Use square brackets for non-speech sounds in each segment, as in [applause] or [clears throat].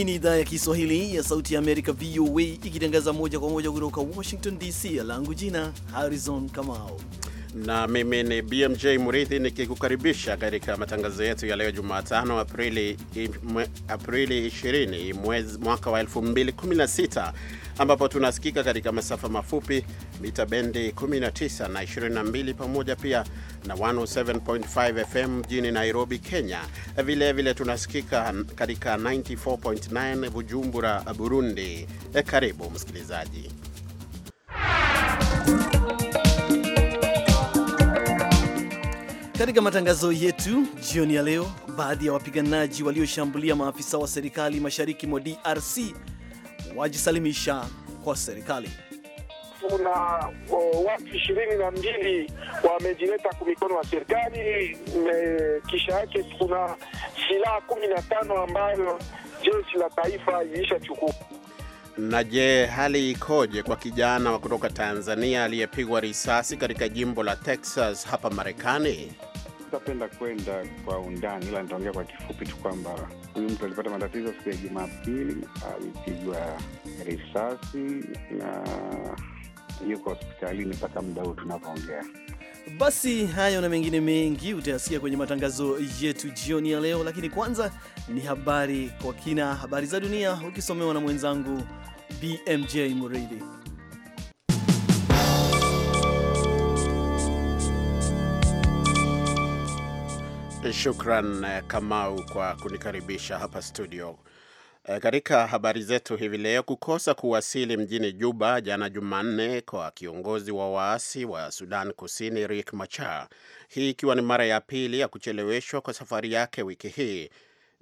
Hii ni idhaa ya Kiswahili ya Sauti ya Amerika, VOA, ikitangaza moja kwa moja kutoka Washington DC. Langu jina Harrison Kamau na mimi ni BMJ Murithi nikikukaribisha katika matangazo yetu ya leo Jumatano, Aprili, Aprili 20 mwezi, mwaka wa 2016 ambapo tunasikika katika masafa mafupi mita bendi 19 na 22 pamoja pia na 107.5 FM mjini Nairobi, Kenya. Vilevile vile tunasikika katika 94.9 Bujumbura, Burundi. E, karibu msikilizaji Katika matangazo yetu jioni ya leo, baadhi ya wapiganaji walioshambulia maafisa wa serikali mashariki mwa DRC wajisalimisha kwa serikali. Kuna watu ishirini na mbili wamejileta kwa mikono wa serikali, kisha yake kuna silaha kumi na tano ambayo jeshi la taifa ilishachukua. Na je, hali ikoje kwa kijana wa kutoka Tanzania aliyepigwa risasi katika jimbo la Texas hapa Marekani? sitapenda kwenda kwa undani, ila nitaongea kwa kifupi tu kwamba huyu mtu alipata matatizo siku ya Jumapili, alipigwa risasi na yuko hospitalini mpaka muda huu tunavyoongea. Basi hayo na mengine mengi utayasikia kwenye matangazo yetu jioni ya leo, lakini kwanza ni habari kwa kina, habari za dunia ukisomewa na mwenzangu BMJ Muridhi. Shukran eh, Kamau kwa kunikaribisha hapa studio. E, katika habari zetu hivi leo, kukosa kuwasili mjini Juba jana Jumanne kwa kiongozi wa waasi wa Sudan Kusini Riek Machar, hii ikiwa ni mara ya pili ya kucheleweshwa kwa safari yake wiki hii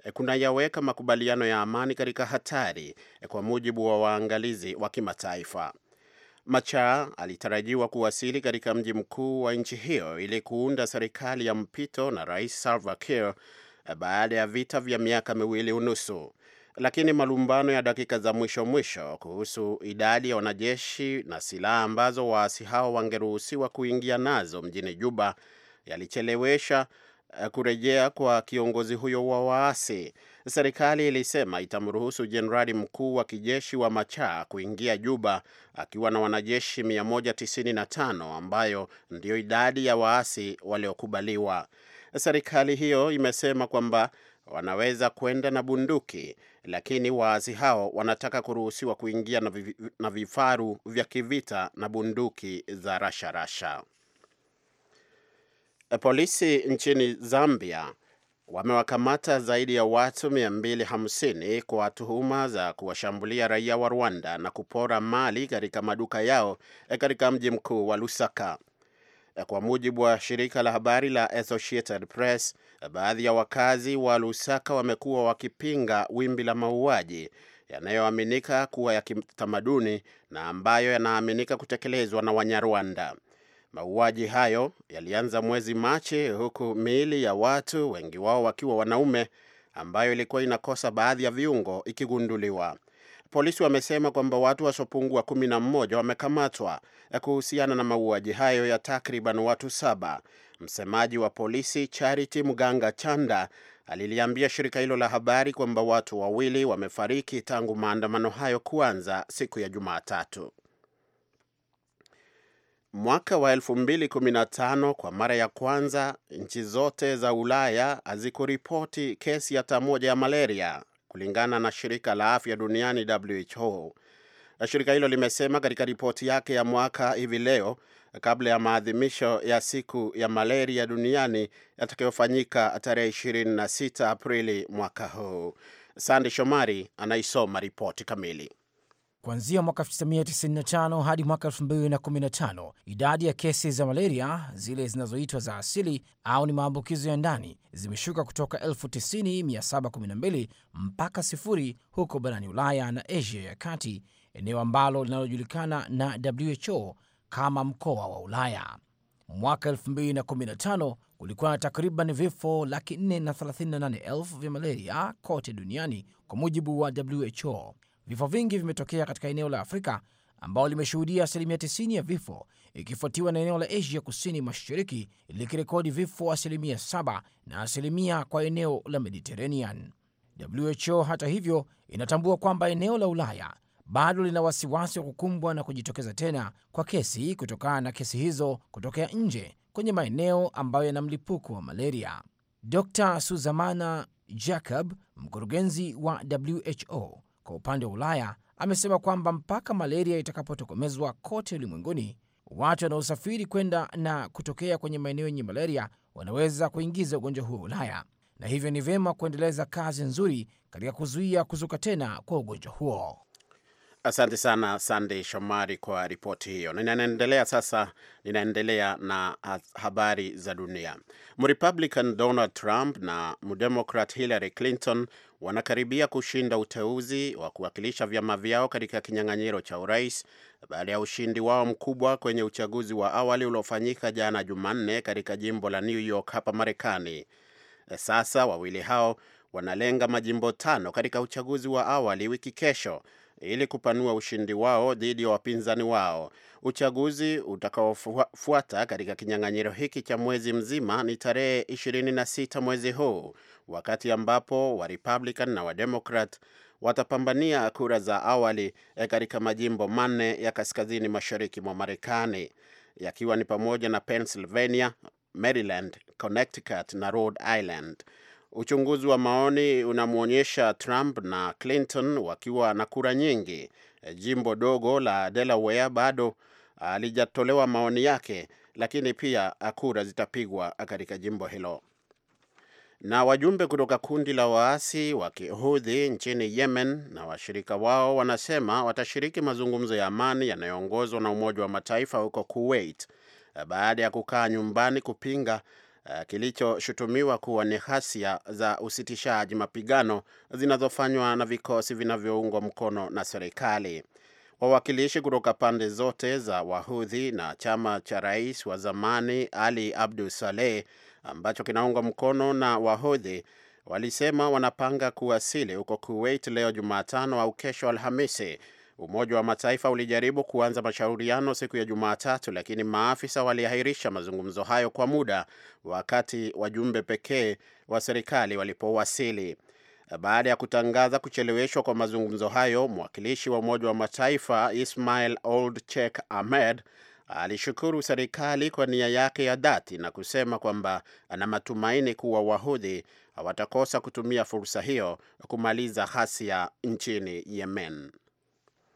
e, kunayaweka makubaliano ya amani katika hatari e, kwa mujibu wa waangalizi wa kimataifa. Machar alitarajiwa kuwasili katika mji mkuu wa nchi hiyo ili kuunda serikali ya mpito na Rais Salva Kiir eh, baada ya vita vya miaka miwili unusu, lakini malumbano ya dakika za mwisho mwisho kuhusu idadi ya wanajeshi na silaha ambazo waasi hao wangeruhusiwa kuingia nazo mjini Juba yalichelewesha Eh, kurejea kwa kiongozi huyo wa waasi. Serikali ilisema itamruhusu jenerali mkuu wa kijeshi wa Machar kuingia Juba akiwa na wanajeshi 195 ambayo ndiyo idadi ya waasi waliokubaliwa. Serikali hiyo imesema kwamba wanaweza kwenda na bunduki, lakini waasi hao wanataka kuruhusiwa kuingia na vifaru vya kivita na bunduki za rasharasha rasha. Eh, polisi nchini Zambia wamewakamata zaidi ya watu 250 kwa tuhuma za kuwashambulia raia wa Rwanda na kupora mali katika maduka yao eh, katika mji mkuu wa Lusaka. Eh, kwa mujibu wa shirika la habari la Associated Press, baadhi ya wakazi wa Lusaka wamekuwa wakipinga wimbi la mauaji yanayoaminika kuwa ya kitamaduni na ambayo yanaaminika kutekelezwa na Wanyarwanda. Mauaji hayo yalianza mwezi Machi, huku miili ya watu wengi wao wakiwa wanaume, ambayo ilikuwa inakosa baadhi ya viungo ikigunduliwa. Polisi wamesema kwamba watu wasiopungua kumi na mmoja wamekamatwa eh, kuhusiana na mauaji hayo ya takriban watu saba. Msemaji wa polisi Charity Mganga Chanda aliliambia shirika hilo la habari kwamba watu wawili wamefariki tangu maandamano hayo kuanza siku ya Jumatatu. Mwaka wa 2015 kwa mara ya kwanza nchi zote za Ulaya hazikuripoti kesi hata moja ya malaria kulingana na shirika la afya duniani WHO. Shirika hilo limesema katika ripoti yake ya mwaka hivi leo kabla ya maadhimisho ya siku ya malaria duniani yatakayofanyika tarehe 26 Aprili mwaka huu. Sande Shomari anaisoma ripoti kamili. Kuanzia mwaka 1995 hadi mwaka 2015 idadi ya kesi za malaria zile zinazoitwa za asili au ni maambukizo ya ndani zimeshuka kutoka 90712 mpaka sifuri huko barani Ulaya na Asia ya Kati, eneo ambalo linalojulikana na WHO kama mkoa wa Ulaya. Mwaka 2015 kulikuwa na takriban vifo laki 4 na elfu vya malaria kote duniani kwa mujibu wa WHO vifo vingi vimetokea katika eneo la Afrika ambao limeshuhudia asilimia 90 ya vifo, ikifuatiwa na eneo la Asia kusini mashariki likirekodi vifo asilimia 7 na asilimia kwa eneo la Mediterranean. WHO hata hivyo inatambua kwamba eneo la Ulaya bado lina wasiwasi wa kukumbwa na kujitokeza tena kwa kesi kutokana na kesi hizo kutokea nje kwenye maeneo ambayo yana mlipuko wa malaria. Dr Suzamana Jacob, mkurugenzi wa WHO, kwa upande wa Ulaya, amesema kwamba mpaka malaria itakapotokomezwa kote ulimwenguni, watu wanaosafiri kwenda na kutokea kwenye maeneo yenye malaria wanaweza kuingiza ugonjwa huo Ulaya, na hivyo ni vyema kuendeleza kazi nzuri katika kuzuia kuzuka tena kwa ugonjwa huo. Asante sana Sandey Shomari kwa ripoti hiyo. Ninaendelea sasa, ninaendelea na habari za dunia. Mrepublican Donald Trump na mdemokrat Hillary Clinton wanakaribia kushinda uteuzi wa kuwakilisha vyama vyao katika kinyang'anyiro cha urais baada ya ushindi wao mkubwa kwenye uchaguzi wa awali uliofanyika jana Jumanne katika jimbo la New York hapa Marekani. E, sasa wawili hao wanalenga majimbo tano katika uchaguzi wa awali wiki kesho ili kupanua ushindi wao dhidi ya wapinzani wao. Uchaguzi utakaofuata katika kinyang'anyiro hiki cha mwezi mzima ni tarehe 26 mwezi huu, wakati ambapo wa Republican na wa Democrat watapambania kura za awali eh, katika majimbo manne ya kaskazini mashariki mwa Marekani yakiwa ni pamoja na Pennsylvania, Maryland, Connecticut na Rhode Island. Uchunguzi wa maoni unamwonyesha Trump na Clinton wakiwa na kura nyingi. E, jimbo dogo la Delaware bado alijatolewa maoni yake, lakini pia kura zitapigwa katika jimbo hilo. Na wajumbe kutoka kundi la waasi wa kihudhi nchini Yemen na washirika wao wanasema watashiriki mazungumzo ya amani yanayoongozwa na Umoja wa Mataifa huko Kuwait e, baada ya kukaa nyumbani kupinga Eh, kilichoshutumiwa kuwa ni ghasia za usitishaji mapigano zinazofanywa na vikosi vinavyoungwa mkono na serikali. Wawakilishi kutoka pande zote za Wahudhi na chama cha rais wa zamani Ali Abdu Saleh ambacho kinaungwa mkono na Wahudhi walisema wanapanga kuwasili huko Kuwait leo Jumatano au kesho Alhamisi Umoja wa Mataifa ulijaribu kuanza mashauriano siku ya Jumatatu, lakini maafisa waliahirisha mazungumzo hayo kwa muda wakati wajumbe pekee wa serikali walipowasili. Baada ya kutangaza kucheleweshwa kwa mazungumzo hayo, mwakilishi wa Umoja wa Mataifa Ismail Old Chek Ahmed alishukuru serikali kwa nia yake ya dhati na kusema kwamba ana matumaini kuwa Wahudhi hawatakosa kutumia fursa hiyo kumaliza ghasia nchini Yemen.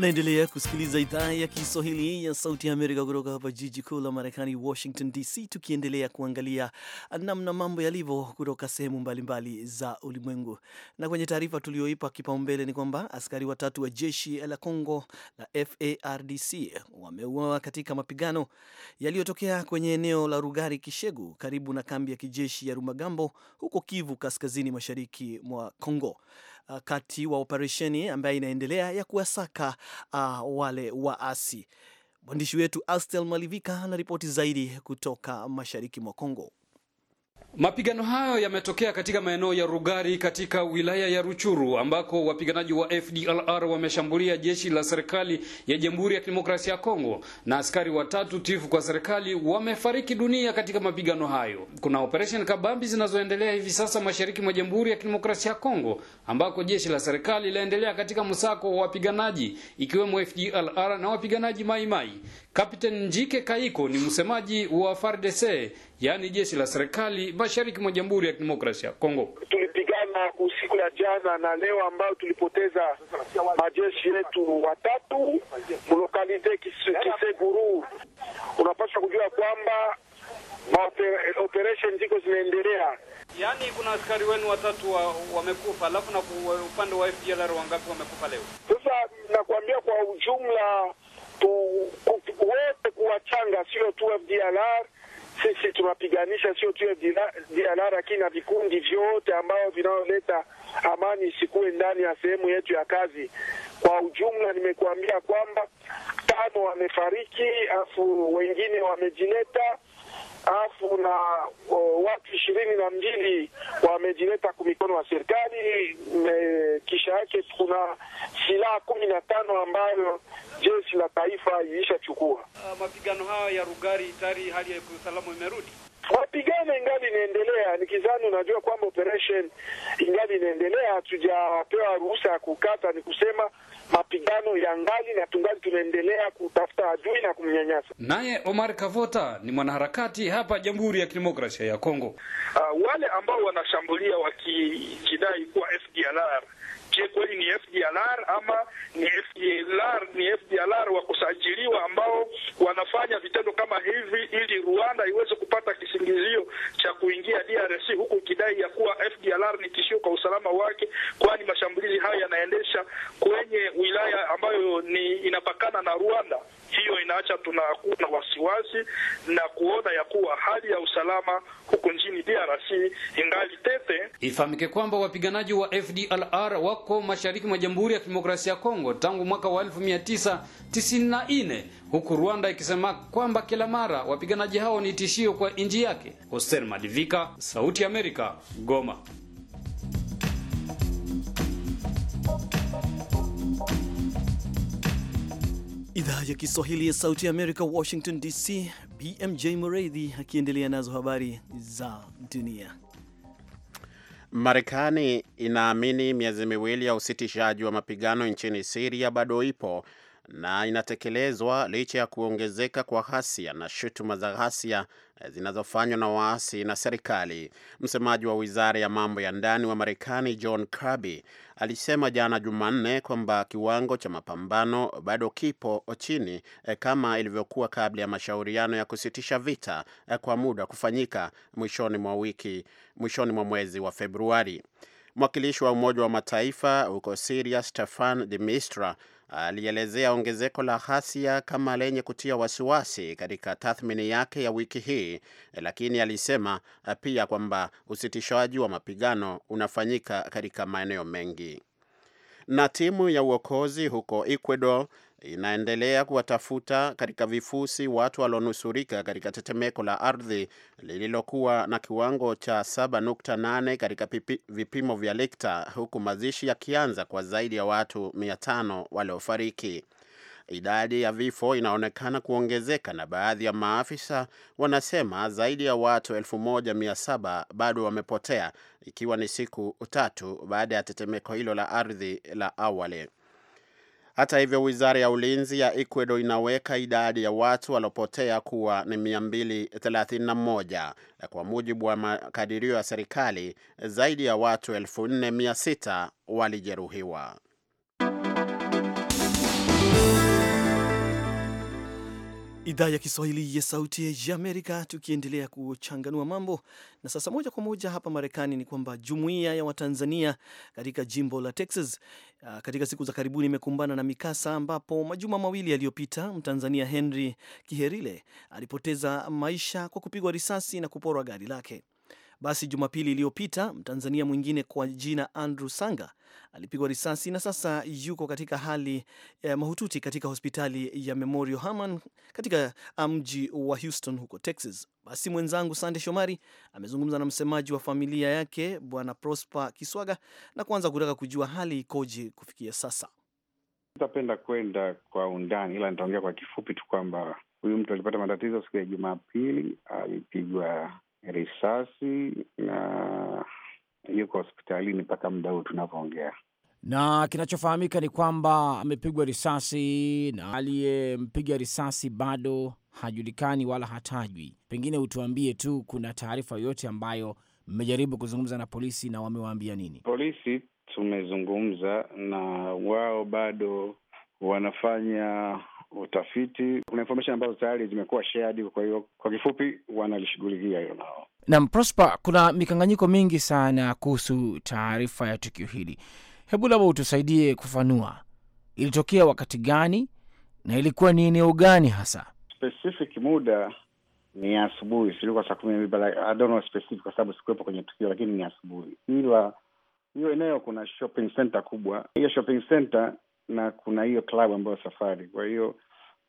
Unaendelea kusikiliza idhaa ya Kiswahili ya Sauti ya Amerika kutoka hapa jiji kuu la Marekani, Washington DC, tukiendelea kuangalia namna mambo yalivyo kutoka sehemu mbalimbali za ulimwengu. Na kwenye taarifa tuliyoipa kipaumbele ni kwamba askari watatu wa jeshi la Congo la FARDC wameuawa katika mapigano yaliyotokea kwenye eneo la Rugari Kishegu, karibu na kambi ya kijeshi ya Rumagambo, huko Kivu Kaskazini, mashariki mwa Congo. Uh, kati wa operesheni ambayo inaendelea ya kuwasaka uh, wale waasi. Mwandishi wetu Astel Malivika ana ripoti zaidi kutoka mashariki mwa Kongo. Mapigano hayo yametokea katika maeneo ya Rugari katika wilaya ya Ruchuru ambako wapiganaji wa FDLR wameshambulia jeshi la serikali ya Jamhuri ya Kidemokrasia ya Kongo na askari watatu tifu kwa serikali wamefariki dunia katika mapigano hayo. Kuna operation kabambi zinazoendelea hivi sasa mashariki mwa Jamhuri ya Kidemokrasia ya Kongo ambako jeshi la serikali laendelea katika msako wa wapiganaji ikiwemo FDLR na wapiganaji Maimai. Kapteni Njike Kaiko ni msemaji wa FARDC yaani jeshi la serikali mashariki mwa Jamhuri ya Kidemokrasia ya Kongo. Tulipigana usiku ya jana na leo, ambayo tulipoteza majeshi yetu watatu mlokalize Kiseguru. Unapaswa kujua kwamba operation ziko zinaendelea. Yaani kuna askari wenu watatu wa, wamekufa, alafu na upande wa FDLR wangapi wamekufa leo? Sasa nakwambia kwa ujumla tu wote kuwachanga, sio tu FDLR sisi tunapiganisha sio tu FDLR, lakini na vikundi vyote ambao vinaoleta amani isikuwe ndani ya sehemu yetu ya kazi. Kwa ujumla, nimekuambia kwamba tano wamefariki afu wengine wamejileta alafu na watu ishirini na mbili wamejileta kumikono wa serikali kisha yake kuna silaha kumi na tano ambayo jeshi la taifa ilishachukua. Uh, ah, mapigano hayo ya Rugari tayari hali ya usalama imerudi mapigano ingali inaendelea. Ni kizani, unajua kwamba operation ingali inaendelea, hatujapewa ruhusa ya kukata. Ni kusema mapigano ya ngali na tungali tunaendelea kutafuta adui na kumnyanyasa. Naye Omar Kavota ni mwanaharakati hapa Jamhuri ya Kidemokrasia ya Kongo. Uh, wale ambao wanashambulia wakidai kuwa FDLR je kweli ni FDLR ama ni FDLR, ni FDLR wa kusajiliwa ambao wanafanya vitendo kama hivi ili Rwanda iweze kupata kisingizio cha kuingia DRC huku ikidai ya kuwa FDLR ni tishio kwa usalama wake, kwani mashambulizi haya yanaendesha kwenye wilaya ambayo ni inapakana na Rwanda. Hiyo inaacha tunakuwa na wasiwasi na kuona ya kuwa hali ya usalama huku nchini DRC ingali tete. Ifahamike kwamba wapiganaji wa FDLR wako huko mashariki mwa Jamhuri ya Kidemokrasia ya Kongo tangu mwaka wa 1994 huku Rwanda ikisema kwamba kila mara wapiganaji hao ni tishio kwa nji yake. Hostel madivika Sauti Amerika, Goma. Idhaa ya Kiswahili ya Sauti Amerika, Washington DC. BMJ Mureithi akiendelea nazo habari za dunia. Marekani inaamini miezi miwili ya usitishaji wa mapigano nchini Siria bado ipo na inatekelezwa licha ya kuongezeka kwa ghasia na shutuma za ghasia eh, zinazofanywa na waasi na serikali. Msemaji wa wizara ya mambo ya ndani wa Marekani John Kirby alisema jana Jumanne kwamba kiwango cha mapambano bado kipo chini eh, kama ilivyokuwa kabla ya mashauriano ya kusitisha vita eh, kwa muda kufanyika mwishoni mwa wiki, mwishoni mwa mwezi wa Februari. Mwakilishi wa Umoja wa Mataifa huko Siria Stefan de Mistura alielezea ongezeko la ghasia kama lenye kutia wasiwasi katika tathmini yake ya wiki hii, lakini alisema eh, pia kwamba usitishaji wa mapigano unafanyika katika maeneo mengi. Na timu ya uokozi huko Ecuador inaendelea kuwatafuta katika vifusi watu walionusurika katika tetemeko la ardhi lililokuwa na kiwango cha 7.8 katika vipimo vya Richter, huku mazishi yakianza kwa zaidi ya watu 500 waliofariki. Idadi ya vifo inaonekana kuongezeka na baadhi ya maafisa wanasema zaidi ya watu 1700 bado wamepotea, ikiwa ni siku tatu baada ya tetemeko hilo la ardhi la awali. Hata hivyo, wizara ya ulinzi ya Ecuador inaweka idadi ya watu waliopotea kuwa ni 231. Kwa mujibu wa makadirio ya serikali, zaidi ya watu 4600 walijeruhiwa. Idhaa ya Kiswahili ya Sauti ya Amerika, tukiendelea kuchanganua mambo. Na sasa moja kwa moja hapa Marekani, ni kwamba jumuiya ya Watanzania katika jimbo la Texas Ah, katika siku za karibuni imekumbana na mikasa ambapo majuma mawili yaliyopita Mtanzania Henry Kiherile alipoteza maisha kwa kupigwa risasi na kuporwa gari lake. Basi Jumapili iliyopita Mtanzania mwingine kwa jina Andrew Sanga alipigwa risasi na sasa yuko katika hali eh, mahututi katika hospitali ya Memorial Hermann katika ah, mji wa Houston huko Texas. Basi mwenzangu Sande Shomari amezungumza na msemaji wa familia yake Bwana Prosper Kiswaga na kuanza kutaka kujua hali ikoje kufikia sasa. nitapenda kwenda kwa undani, ila nitaongea kwa kifupi tu kwamba huyu mtu alipata matatizo siku ya Jumapili, alipigwa risasi na yuko hospitalini mpaka muda huu tunavyoongea, na kinachofahamika ni kwamba amepigwa risasi na aliyempiga risasi bado hajulikani wala hatajwi. Pengine utuambie tu, kuna taarifa yoyote ambayo mmejaribu kuzungumza na polisi na wamewaambia nini? Polisi tumezungumza na wao, bado wanafanya utafiti. Kuna information ambazo tayari zimekuwa shared, kwa hiyo kwa kifupi wanalishughulikia hiyo nao. Naam, Prosper, kuna mikanganyiko mingi sana kuhusu taarifa ya tukio hili. Hebu labda utusaidie kufanua, ilitokea wakati gani na ilikuwa ni eneo gani hasa? Specific muda ni asubuhi, silikuwa saa kumi na mbili I don't know specific kwa sababu sikuwepo kwenye tukio, lakini ni asubuhi. Ila hiyo eneo kuna shopping center kubwa. Hiyo shopping center na kuna hiyo klabu ambayo Safari. Kwa hiyo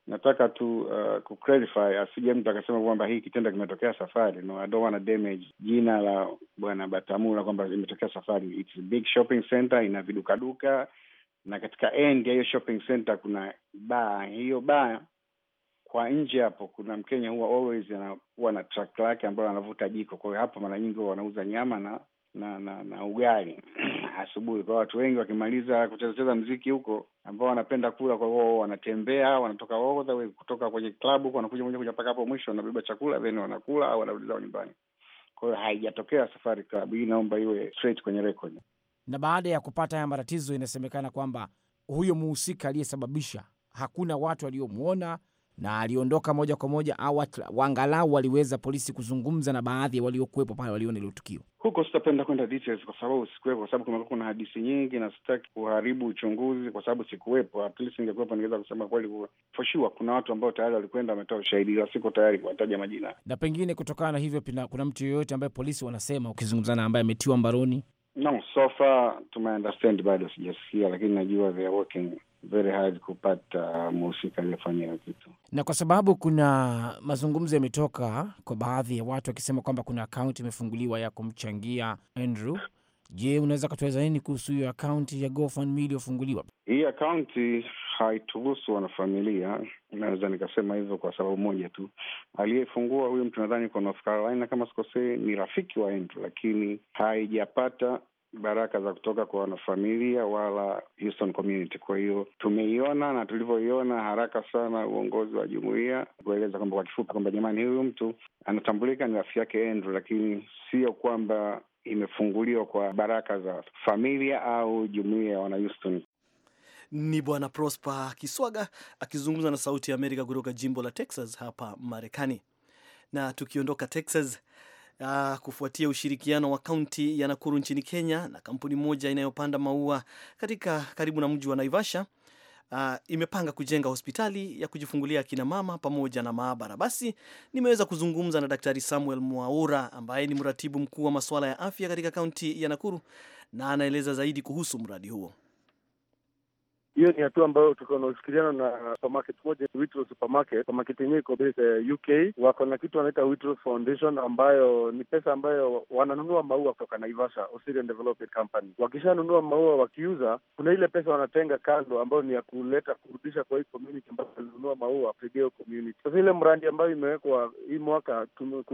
nataka tu uh, kuclarify asije mtu akasema kwamba hii kitendo kimetokea Safari. No, I don't wanna damage jina la bwana Batamula kwamba imetokea Safari. It's a big shopping center, ina vidukaduka na katika end ya hiyo shopping center kuna baa. Hiyo baa kwa nje hapo kuna Mkenya huwa always anakuwa na truck lake ambayo anavuta jiko. Kwa hiyo hapo mara nyingi huwa wanauza nyama na na na, na ugali [clears throat] asubuhi, kwa watu wengi wakimaliza kuchezacheza mziki huko, ambao wanapenda kula, kwa hiyo wanatembea, wanatoka all kutoka kwenye klabu wanakuja moja kuja mpaka hapo mwisho, wanabeba chakula then wanakula au wanarudi zao nyumbani. Kwa hiyo haijatokea Safari klabu hii, naomba iwe straight kwenye record. Na baada ya kupata haya matatizo, inasemekana kwamba huyo muhusika aliyesababisha hakuna watu waliomwona na aliondoka moja kwa moja au wangalau waliweza polisi kuzungumza na baadhi ya waliokuwepo pale waliona hilo tukio? Huko sitapenda kwenda details kwa sababu sikuwepo, kwa sababu kumekuwa kuna hadithi nyingi na sitaki kuharibu uchunguzi kwa sababu sikuwepo. At least ningekuwepo ningeweza kusema kweli, for sure kuna watu ambao tayari walikwenda wametoa ushahidi, ila siko tayari kuwataja majina. Na pengine kutokana na hivyo, kuna mtu yoyote ambaye polisi wanasema ukizungumza na ambaye ametiwa mbaroni? No, so far tuma understand, bado sijasikia, lakini najua they are working very hard kupata mhusika aliyofanya hiyo kitu, na kwa sababu kuna mazungumzo yametoka kwa baadhi ya watu wakisema kwamba kuna akaunti imefunguliwa ya kumchangia Andrew. Je, unaweza kutueleza nini kuhusu hiyo akaunti ya GoFundMe iliyofunguliwa? Hii akaunti haituhusu wanafamilia, naweza nikasema hivyo kwa sababu moja tu. Aliyefungua huyu mtu nadhani kwa North Carolina kama sikosei, ni rafiki wa Andrew, lakini haijapata baraka za kutoka kwa wanafamilia wala Houston Community. Kwa hiyo tumeiona na tulivyoiona haraka sana uongozi wa jumuiya kueleza kwamba kwa kifupi kwamba jamani, huyu mtu anatambulika ni rafiki yake Andrew, lakini sio kwamba imefunguliwa kwa baraka za familia au jumuia ya wana Houston. Ni Bwana Prosper Kiswaga akizungumza na Sauti ya Amerika kutoka jimbo la Texas hapa Marekani. Na tukiondoka Texas uh, kufuatia ushirikiano wa kaunti ya Nakuru nchini Kenya na kampuni moja inayopanda maua katika karibu na mji wa Naivasha. Uh, imepanga kujenga hospitali ya kujifungulia kina mama pamoja na maabara. Basi nimeweza kuzungumza na Daktari Samuel Mwaura ambaye ni mratibu mkuu wa masuala ya afya katika kaunti ya Nakuru na anaeleza zaidi kuhusu mradi huo. Hiyo ni hatua ambayo tunaoshikiliana na supermarket moja, Waitrose supermarket. Supermarket yenyewe iko ya eh, UK, wako na kitu wanaita Waitrose Foundation, ambayo ni pesa ambayo wananunua maua kutoka Naivasha, Osirian Development Company. Wakishanunua maua, wakiuza, kuna ile pesa wanatenga kando, ambayo ni ya kuleta kurudisha kwa hii community ambayo walinunua maua, kusaidia hiyo community. Sasa ile mradi ambayo imewekwa hii mwaka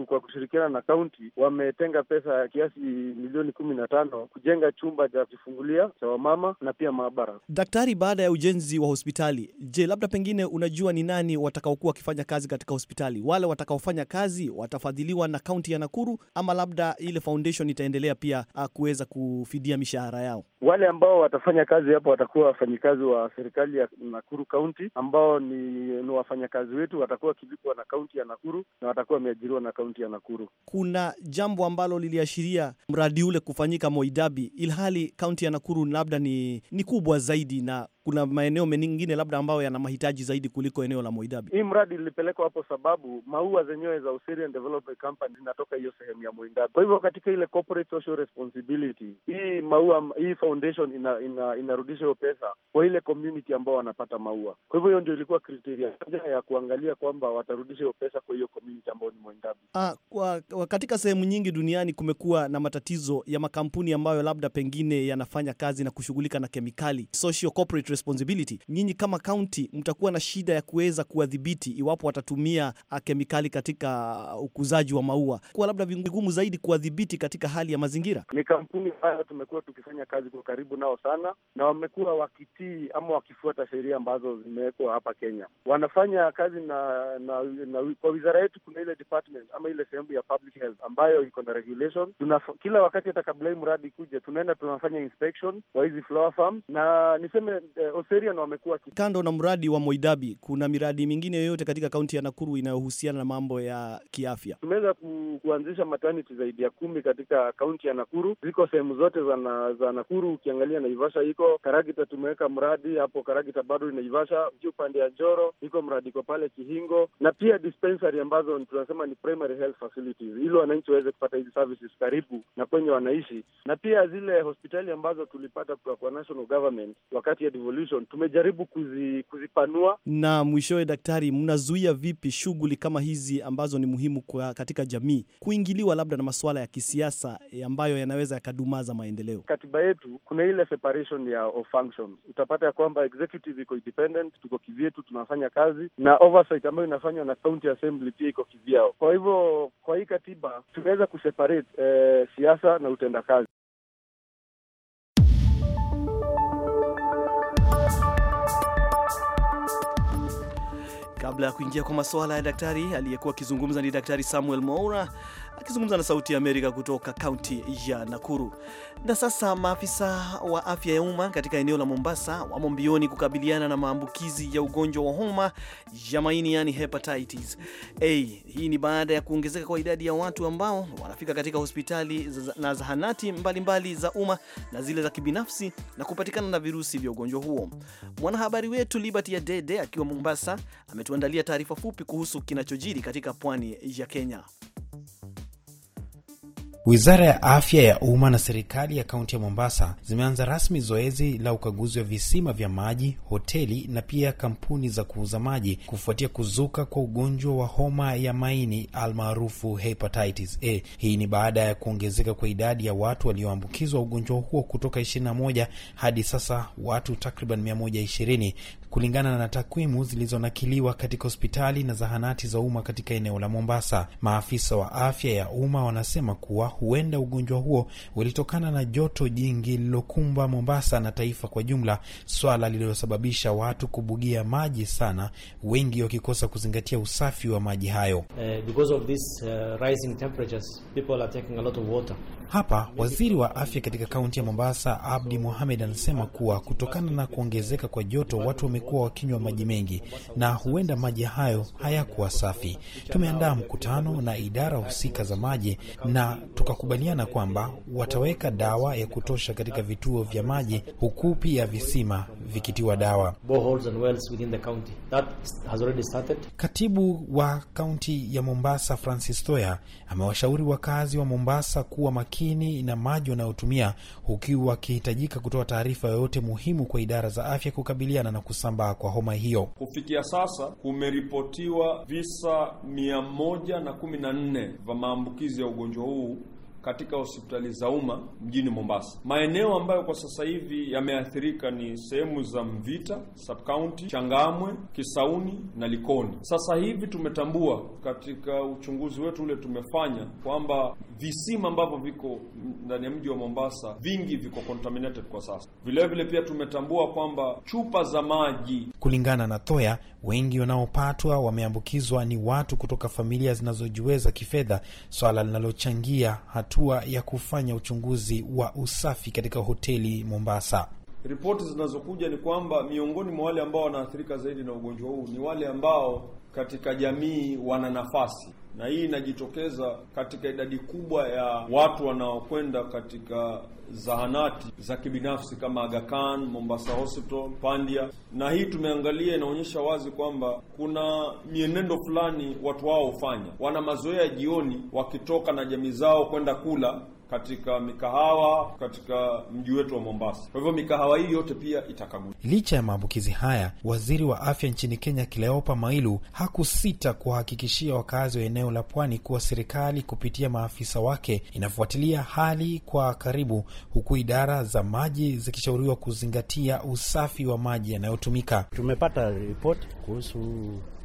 kwa kushirikiana na kaunti, wametenga pesa ya kiasi milioni kumi na tano kujenga chumba cha ja kujifungulia cha wamama na pia maabara. Daktari ba baada ya ujenzi wa hospitali, je, labda pengine unajua ni nani watakaokuwa wakifanya kazi katika hospitali? Wale watakaofanya kazi watafadhiliwa na kaunti ya Nakuru ama labda ile foundation itaendelea pia ah, kuweza kufidia mishahara yao? Wale ambao watafanya kazi hapo watakuwa wafanyikazi wa serikali ya Nakuru Kaunti, ambao ni, ni wafanyakazi wetu, watakuwa wakilipwa na kaunti ya Nakuru na watakuwa wameajiriwa na kaunti ya Nakuru. Kuna jambo ambalo liliashiria mradi ule kufanyika Moidabi, ilhali kaunti ya Nakuru labda ni, ni kubwa zaidi na kuna maeneo mengine labda ambayo yana mahitaji zaidi kuliko eneo la Moidabi. Hii mradi lilipelekwa hapo sababu maua zenyewe za Osirian Development Company zinatoka hiyo sehemu ya Moidabi. Kwa hivyo katika ile corporate social responsibility hii maua hii foundation ina, ina, inarudisha hiyo pesa kwa ile community ambao wanapata maua. Kwa hivyo hiyo ndio ilikuwa kriteria moja ya kuangalia kwamba watarudisha hiyo pesa kwa hiyo community ambao ni Mwengabi. Ah, kwa, katika sehemu nyingi duniani kumekuwa na matatizo ya makampuni ambayo labda pengine yanafanya kazi na kushughulika na kemikali, social corporate responsibility. Nyinyi kama county mtakuwa na shida ya kuweza kuwadhibiti iwapo watatumia ah, kemikali katika ah, ukuzaji wa maua, kwa labda vigumu zaidi kuwadhibiti katika hali ya mazingira. Ni kampuni ambayo tumekuwa tukifanya kazi tuko karibu nao sana, na wamekuwa wakitii ama wakifuata sheria ambazo zimewekwa hapa Kenya. Wanafanya kazi na, na, na kwa wizara yetu kuna ile department ama ile sehemu ya public health ambayo iko na regulation. kila wakati, hata kabla hii mradi kuja tunaenda tunafanya inspection kwa hizi flower na niseme eh, Oserian wamekuwa kando na mradi wa Moidabi. Kuna miradi mingine yoyote katika kaunti ya Nakuru inayohusiana na mambo ya kiafya? Tumeweza ku, kuanzisha maternity zaidi ya kumi katika kaunti ya Nakuru, ziko sehemu zote za, na, za Nakuru juu ukiangalia Naivasha iko Karagita, tumeweka mradi hapo Karagita, bado Naivasha juu pande ya Njoro iko mradi iko pale Kihingo, na pia dispensary ambazo tunasema ni primary health facilities, ili wananchi waweze kupata hizi services karibu na kwenye wanaishi, na pia zile hospitali ambazo tulipata kutoka kwa national government wakati ya devolution tumejaribu kuzi, kuzipanua. Na mwishowe, daktari, mnazuia vipi shughuli kama hizi ambazo ni muhimu kwa katika jamii kuingiliwa labda na masuala ya kisiasa eh, ambayo yanaweza yakadumaza maendeleo? Katiba yetu kuna ile separation ya of functions. Utapata ya kwamba executive iko independent, tuko kivyetu tunafanya kazi, na oversight ambayo inafanywa na county assembly pia iko kivyao. Kwa hivyo kwa hii katiba tunaweza kuseparate eh, siasa na utendakazi. Kabla ya kuingia kwa masuala ya daktari, aliyekuwa akizungumza ni Daktari Samuel moura akizungumza na Sauti ya Amerika kutoka kaunti ya Nakuru. Na sasa maafisa wa afya ya umma katika eneo la Mombasa wamo mbioni kukabiliana na maambukizi ya ugonjwa wa homa ya maini, yani hepatitis A. Hii ni baada ya kuongezeka kwa idadi ya watu ambao wanafika katika hospitali na zahanati mbalimbali za umma na zile za kibinafsi na kupatikana na virusi vya ugonjwa huo. Mwanahabari wetu Liberty ya Dede akiwa Mombasa ametuandalia taarifa fupi kuhusu kinachojiri katika pwani ya Kenya. Wizara ya Afya ya Umma na serikali ya kaunti ya Mombasa zimeanza rasmi zoezi la ukaguzi wa visima vya maji, hoteli na pia kampuni za kuuza maji kufuatia kuzuka kwa ugonjwa wa homa ya maini almaarufu hepatitis A. Hii ni baada ya kuongezeka kwa idadi ya watu walioambukizwa ugonjwa huo kutoka 21 hadi sasa watu takriban 120 Kulingana na takwimu zilizonakiliwa katika hospitali na zahanati za umma katika eneo la Mombasa, maafisa wa afya ya umma wanasema kuwa huenda ugonjwa huo ulitokana na joto jingi lililokumba Mombasa na taifa kwa jumla, swala lililosababisha watu kubugia maji sana, wengi wakikosa kuzingatia usafi wa maji hayo. Uh, hapa waziri wa afya katika kaunti ya Mombasa, Abdi Muhamed, anasema kuwa kutokana na kuongezeka kwa joto watu wamekuwa wakinywa maji mengi na huenda maji hayo hayakuwa safi. Tumeandaa mkutano na idara husika za maji na tukakubaliana kwamba wataweka dawa ya kutosha katika vituo vya maji, huku pia visima vikitiwa dawa. Katibu wa kaunti ya Mombasa, Francis Toya, amewashauri wakazi wa Mombasa kuwa makini makini na maji wanayotumia, huku wakihitajika kutoa taarifa yoyote muhimu kwa idara za afya kukabiliana na kusambaa kwa homa hiyo. Kufikia sasa kumeripotiwa visa 114 vya maambukizi ya ugonjwa huu katika hospitali za umma mjini Mombasa. Maeneo ambayo kwa sasa hivi yameathirika ni sehemu za Mvita sub county, Changamwe, Kisauni na Likoni. Sasa hivi tumetambua katika uchunguzi wetu ule tumefanya kwamba visima ambavyo viko ndani ya mji wa Mombasa vingi viko contaminated kwa sasa. Vile vile pia tumetambua kwamba chupa za maji, kulingana na Thoya, wengi wanaopatwa wameambukizwa ni watu kutoka familia zinazojiweza kifedha, swala linalochangia hatua ya kufanya uchunguzi wa usafi katika hoteli Mombasa. Ripoti zinazokuja ni kwamba miongoni mwa wale ambao wanaathirika zaidi na ugonjwa huu ni wale ambao katika jamii wana nafasi, na hii inajitokeza katika idadi kubwa ya watu wanaokwenda katika zahanati za kibinafsi kama Aga Khan, Mombasa Hospital, Pandya, na hii tumeangalia, inaonyesha wazi kwamba kuna mienendo fulani watu wao hufanya, wana mazoea jioni wakitoka na jamii zao kwenda kula katika mikahawa katika mji wetu wa Mombasa. Kwa hivyo mikahawa hii yote pia itakaguliwa. Licha ya maambukizi haya, waziri wa afya nchini Kenya kileopa Mailu hakusita kuwahakikishia wakazi wa eneo la pwani kuwa serikali kupitia maafisa wake inafuatilia hali kwa karibu, huku idara za maji zikishauriwa kuzingatia usafi wa maji yanayotumika. Tumepata ripoti kuhusu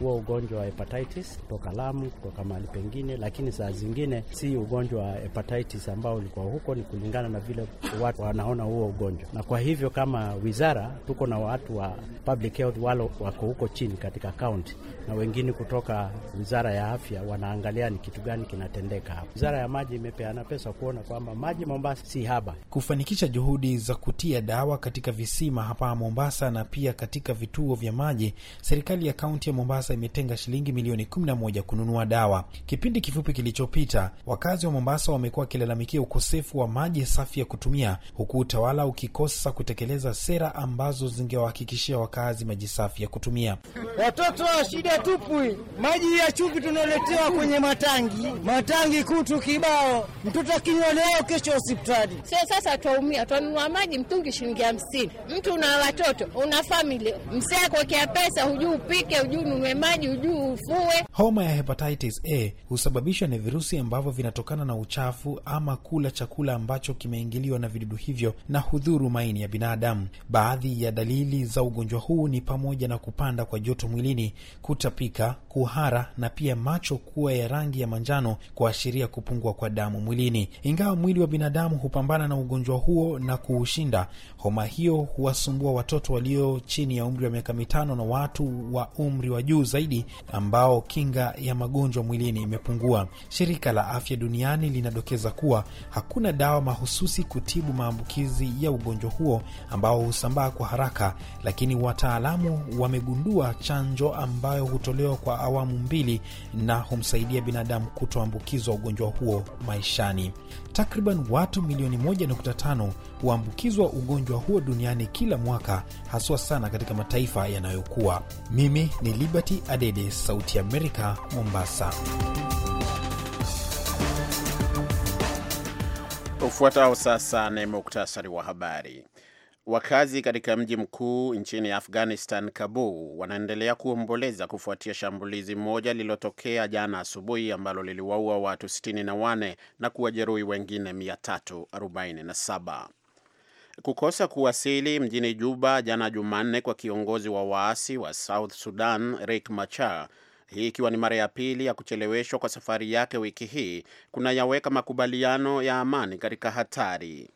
huo ugonjwa wa hepatitis kutoka Lamu, kutoka mahali pengine, lakini saa zingine si ugonjwa wa hepatitis ambao ulikuwa huko, ni kulingana na vile watu wanaona huo ugonjwa. Na kwa hivyo kama wizara tuko na watu wa public health walo wako huko chini katika kaunti na wengine kutoka wizara ya afya wanaangalia ni kitu gani kinatendeka hapa. Wizara ya maji imepeana pesa kuona kwamba maji Mombasa si haba, kufanikisha juhudi za kutia dawa katika visima hapa Mombasa na pia katika vituo vya maji. Serikali ya kaunti ya Mombasa imetenga shilingi milioni 11 kununua dawa. Kipindi kifupi kilichopita, wakazi wa Mombasa wamekuwa wakilalamikia ukosefu wa maji safi ya kutumia, huku utawala ukikosa kutekeleza sera ambazo zingewahakikishia wakazi maji safi ya kutumia. Watoto wa shida hatupwi maji ya chupi, tunaletewa kwenye matangi, matangi kutu kibao, mtoto akinywa leo, kesho hospitali. Sio sasa twaumia, twanunua maji mtungi shilingi hamsini. Mtu una watoto, una famili, msee kuwekea pesa, hujuu upike, hujuu ununue maji, hujuu ufue. Homa ya hepatitis A husababishwa na virusi ambavyo vinatokana na uchafu ama kula chakula ambacho kimeingiliwa na vidudu hivyo na hudhuru maini ya binadamu. Baadhi ya dalili za ugonjwa huu ni pamoja na kupanda kwa joto mwilini, kuta kutapika, kuhara na pia macho kuwa ya rangi ya manjano kuashiria kupungua kwa damu mwilini. Ingawa mwili wa binadamu hupambana na ugonjwa huo na kuushinda, homa hiyo huwasumbua watoto walio chini ya umri wa miaka mitano na watu wa umri wa juu zaidi ambao kinga ya magonjwa mwilini imepungua. Shirika la Afya Duniani linadokeza kuwa hakuna dawa mahususi kutibu maambukizi ya ugonjwa huo ambao husambaa kwa haraka, lakini wataalamu wamegundua chanjo ambayo hutolewa kwa awamu mbili na humsaidia binadamu kutoambukizwa ugonjwa huo maishani. Takriban watu milioni 1.5 huambukizwa ugonjwa huo duniani kila mwaka, haswa sana katika mataifa yanayokuwa. Mimi ni Liberty Adede, Sauti ya Amerika, Mombasa. Ufuatao sasa ni muktasari wa habari. Wakazi katika mji mkuu nchini Afghanistan, Kabul, wanaendelea kuomboleza kufuatia shambulizi moja lililotokea jana asubuhi ambalo liliwaua watu 64 na kuwajeruhi wengine 347. Kukosa kuwasili mjini Juba jana Jumanne kwa kiongozi wa waasi wa South Sudan Riek Machar, hii ikiwa ni mara ya pili ya kucheleweshwa kwa safari yake wiki hii, kunayaweka makubaliano ya amani katika hatari.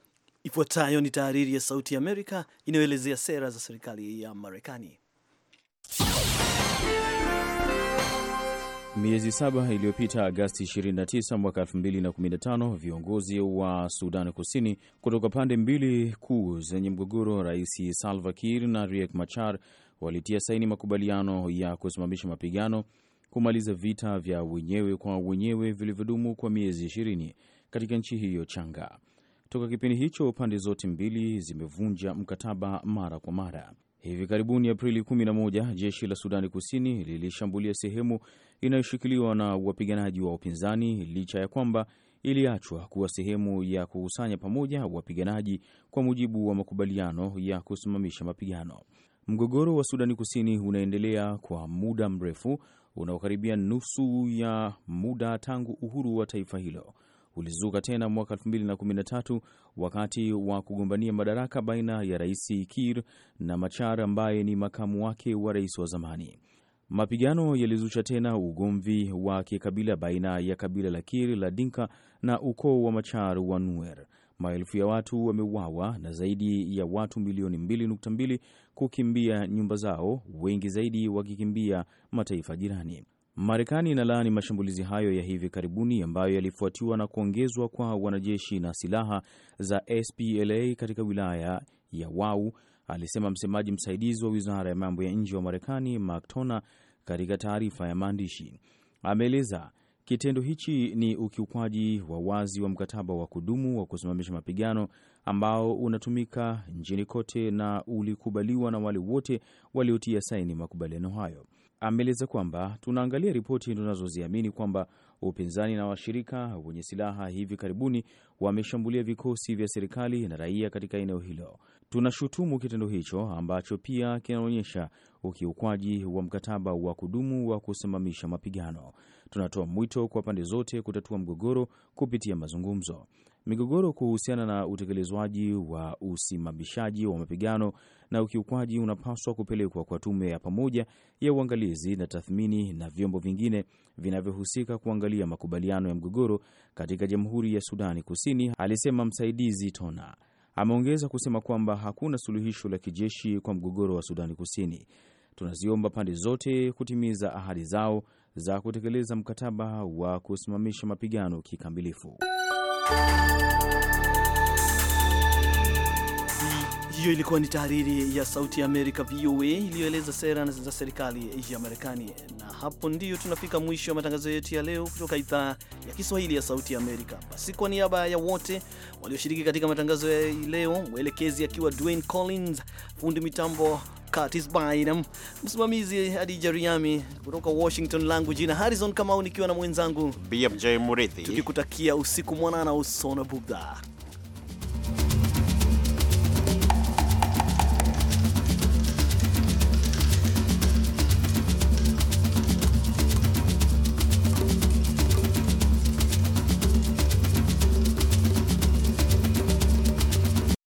Ifuatayo ni tahariri ya Sauti ya Amerika inayoelezea sera za serikali ya Marekani. Miezi saba iliyopita, Agasti 29 mwaka 2015, viongozi wa Sudan Kusini kutoka pande mbili kuu zenye mgogoro, Rais Salva Kiir na Riek Machar walitia saini makubaliano ya kusimamisha mapigano, kumaliza vita vya wenyewe kwa wenyewe vilivyodumu kwa miezi 20 katika nchi hiyo changa. Toka kipindi hicho, pande zote mbili zimevunja mkataba mara kwa mara. Hivi karibuni Aprili 11 jeshi la Sudani Kusini lilishambulia sehemu inayoshikiliwa na wapiganaji wa upinzani licha ya kwamba iliachwa kuwa sehemu ya kukusanya pamoja wapiganaji kwa mujibu wa makubaliano ya kusimamisha mapigano. Mgogoro wa Sudani Kusini unaendelea kwa muda mrefu unaokaribia nusu ya muda tangu uhuru wa taifa hilo ulizuka tena mwaka 2013 wakati wa kugombania madaraka baina ya Rais kir na Machar ambaye ni makamu wake wa rais wa zamani. Mapigano yalizusha tena ugomvi wa kikabila baina ya kabila la kir la Dinka na ukoo wa Machar wa Nuer. Maelfu ya watu wameuawa na zaidi ya watu milioni 2.2 kukimbia nyumba zao, wengi zaidi wakikimbia mataifa jirani. Marekani inalaani mashambulizi hayo ya hivi karibuni ambayo yalifuatiwa na kuongezwa kwa wanajeshi na silaha za SPLA katika wilaya ya Wau, alisema msemaji msaidizi wa wizara ya mambo ya nje wa Marekani Mark Toner katika taarifa ya maandishi. Ameeleza kitendo hichi ni ukiukwaji wa wazi wa mkataba wa kudumu wa kusimamisha mapigano ambao unatumika nchini kote na ulikubaliwa na wale wote waliotia saini makubaliano hayo ameeleza kwamba tunaangalia ripoti tunazoziamini kwamba upinzani na washirika wenye silaha hivi karibuni wameshambulia vikosi vya serikali na raia katika eneo hilo. Tunashutumu kitendo hicho ambacho pia kinaonyesha ukiukwaji wa mkataba wa kudumu wa kusimamisha mapigano. Tunatoa mwito kwa pande zote kutatua mgogoro kupitia mazungumzo. Migogoro kuhusiana na utekelezwaji wa usimamishaji wa mapigano na ukiukwaji unapaswa kupelekwa kwa tume ya pamoja ya uangalizi na tathmini na vyombo vingine vinavyohusika kuangalia makubaliano ya mgogoro katika Jamhuri ya Sudani Kusini, alisema msaidizi Tona. Ameongeza kusema kwamba hakuna suluhisho la kijeshi kwa mgogoro wa Sudani Kusini. Tunaziomba pande zote kutimiza ahadi zao za kutekeleza mkataba wa kusimamisha mapigano kikamilifu. Hiyo ilikuwa ni tahariri ya Sauti ya Amerika, VOA, iliyoeleza sera za serikali ya Marekani. Na hapo ndiyo tunafika mwisho wa matangazo yetu ya leo kutoka idhaa ya Kiswahili ya Sauti ya Amerika. Basi, kwa niaba ya wote walioshiriki katika matangazo ya leo, mwelekezi akiwa Dwayne Collins, fundi mitambo Curtis Bynum, msimamizi adija Riami, kutoka Washington, langu jina Harrison Kamau, nikiwa na mwenzangu BMJ Murithi, tukikutakia usiku mwanana usona bugdha.